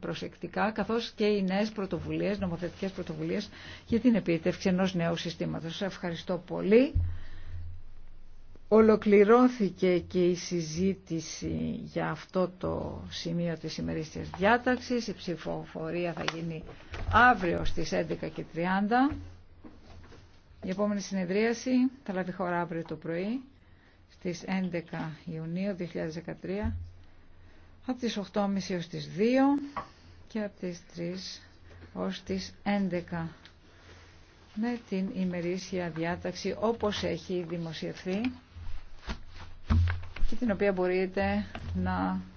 προσεκτικά, καθώς και οι νέες πρωτοβουλίες, νομοθετικές πρωτοβουλίες για την επίτευξη ενός νέου συστήματος. Σας ευχαριστώ πολύ. Ολοκληρώθηκε και η συζήτηση για αυτό το σημείο της ημερήσιας διάταξης. Η ψηφοφορία θα γίνει αύριο στις 11.30. Η επόμενη συνεδρίαση θα λάβει χώρα αύριο το πρωί στις 11 Ιουνίου 2013 από τις 8.30 έως τις 2 και από τις 3 ως τις 11 με την ημερήσια διάταξη όπως έχει δημοσιευθεί και την οποία μπορείτε να